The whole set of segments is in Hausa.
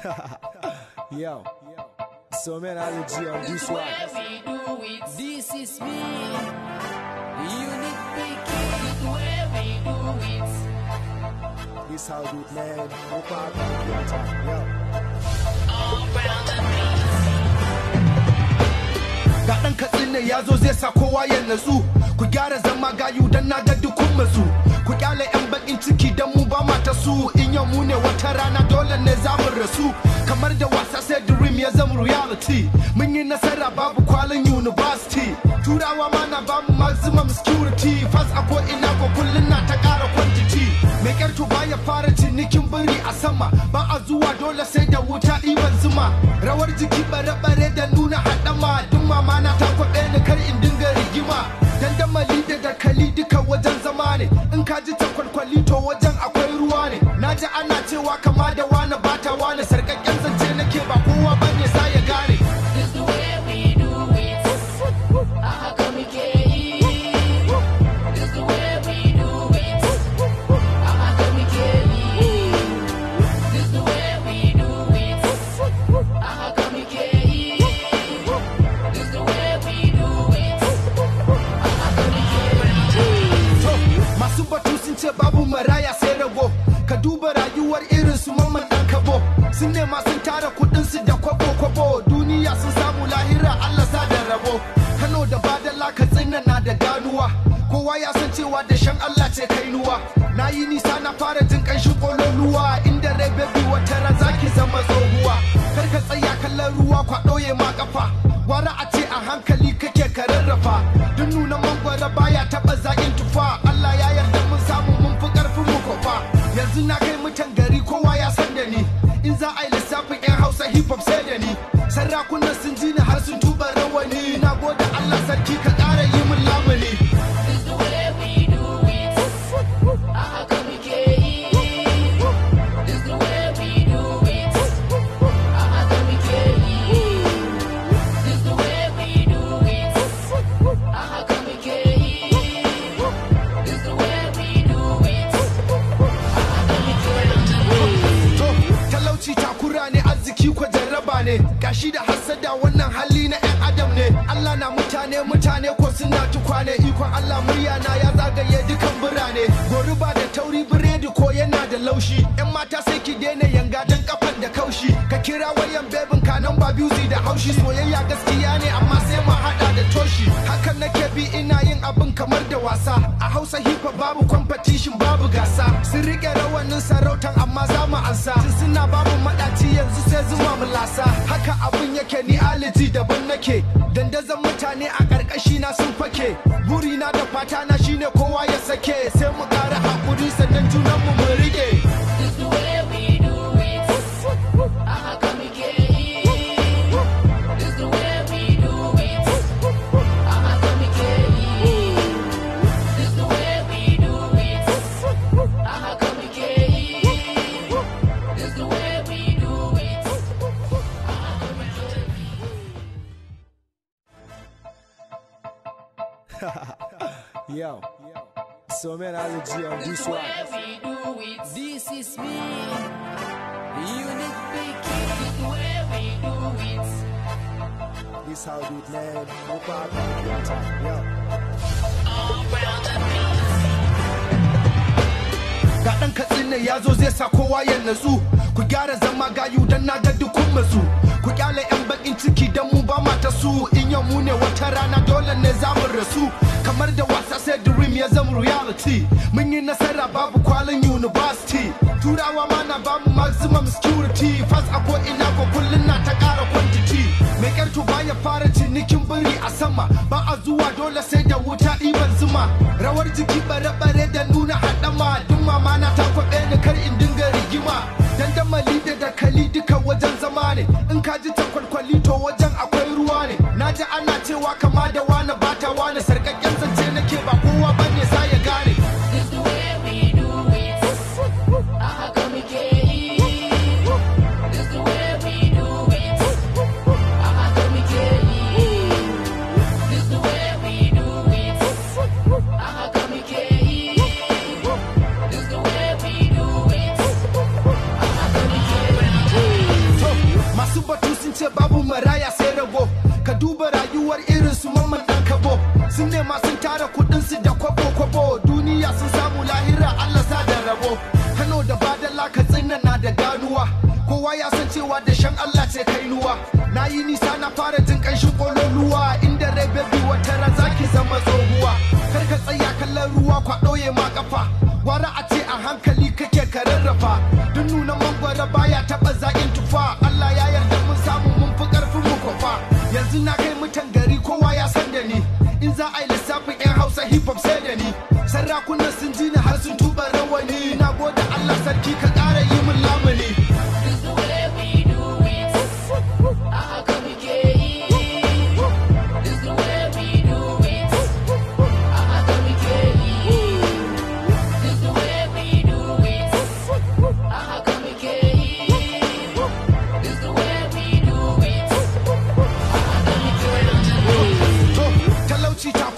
Yo. So man, I'll G on this one. This is me. You Unique picking. It's where we do it. This how good man. No problem. Yo. All round the beat. Ga ɗan katsin ne ya zo zai sa kowa ya natsu ku gyara zama gayu don na ga dukkan masu ku kyale 'yan bakin ciki su kamar da wasa sai dream ya zama reality mun yi nasara babu kwalin university turawa ma na bamu maximum security fas a ko ina ko kullun na ta kara quantity mai kyartu baya fara cinikin biri a sama ba a zuwa dole sai da wuta iban zuma rawar jiki bare-bare da nuna hadama. duk mama na ta kwaɓe ni kar in dinga rigima dandamali da dakali duka wajen zama ne in ka ji ta kwalkwali to wajen akwai ruwa ne na ji ana cewa kama da ce babu maraya sai rago ka duba rayuwar irin su mamman dan kabo sun nema sun tara kudin su da kwabo kwabo duniya sun samu lahira Allah sa da rabo Kano da badala ka na da ganuwa kowa ya san cewa da shan Allah ce kainuwa na yi nisa na fara jin kanshi kololuwa inda rai baby wata ran zaki zama tsohuwa kar ka tsaya kallon ruwa kwa ya ma kafa gwara a ce a hankali kake kararrafa rarrafa duk nuna mangwara baya taɓa zaƙin tufa Allah "You ka ƙara yi mun love." Allah na mutane mutane ko suna tukwane ikon Allah murya na ya zagaye dukan birane gori ba da tauri biredi ko yana da laushi yan mata sai ki daina yanga dan kafan da kaushi ka kira wayan bebin kanan ba biyu da haushi soyayya gaskiya ne amma sai mu hada da toshi hakan nake bi ina yin abin kamar da wasa a Hausa hip hop babu competition babu gasa sun rike rawanin sarautan amma za mu ansa suna babu madaci yanzu sai zuwa mu lasa abin yake ni aliti daban nake dandazon mutane a ƙarƙashi na sun fake burina da fata na shine kowa ya sake Yo. So man, I look G on this one. This is me. Unit picking it where we do it. This how do it, man. No problem. All the peace. Ga su kamar da wasa sai dream ya zama reality mun yi nasara babu kwalin university turawa ma na bamu maximum security fas a ko ina ko kullun na ta ƙara quantity mai ba baya fara cinikin biri a sama ba a zuwa dole sai da wuta ɗiban zuma rawar jiki bare-bare da nuna haɗama duba rayuwar irin su mamman dan kabo sun nema sun tara kudin su da kwabo kwabo duniya sun samu lahira Allah sa da rabo Kano da badala ka na da ganuwa kowa ya san cewa da shan Allah ce kainuwa na yi nisa na fara jin ƙanshin kololuwa inda rai baby wata razaki zaki zama tsohuwa kar ka tsaya kallon ruwa kwa ɗoye ma kafa gwara a ce a hankali kake ka rarrafa duk nuna mangwara baya ta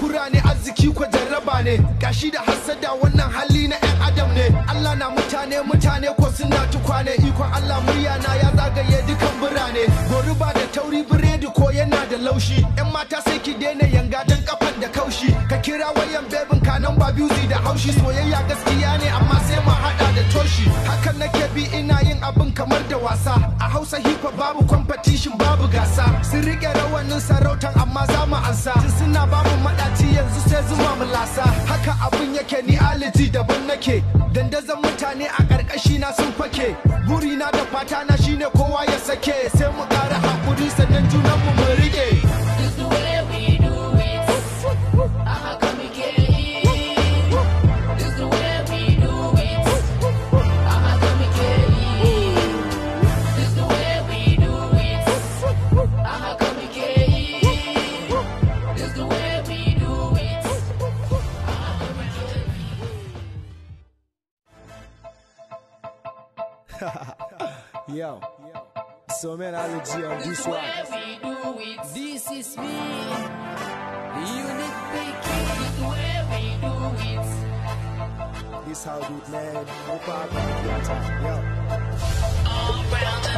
kura ne arziki ko jarraba ne gashi da hasada wannan hali na yan adam ne Allah na mutane mutane ko suna tukwane ikon Allah murya na ya zagaye dukan birane goruba da tauri biredi ko yana da laushi yan mata sai ki daina yanga dan kafan da kaushi ka kira wayan bebin kanan ba biyu da haushi soyayya gaskiya ne amma sai ma hada da toshi hakan nake bi ina yin abin kamar da wasa a Hausa hip hop babu competition babu gasa sun rike rawanin sarautan amma za mu ansa suna babu sai zuma mulasa haka abun yake ni daban nake dandazon mutane a ƙarƙashi na sun fake burina da fata na shine kowa ya sake Yo, so man, i on this one. This is me, the unit picking. This where we do it. This how good man. No problem. Yo. All round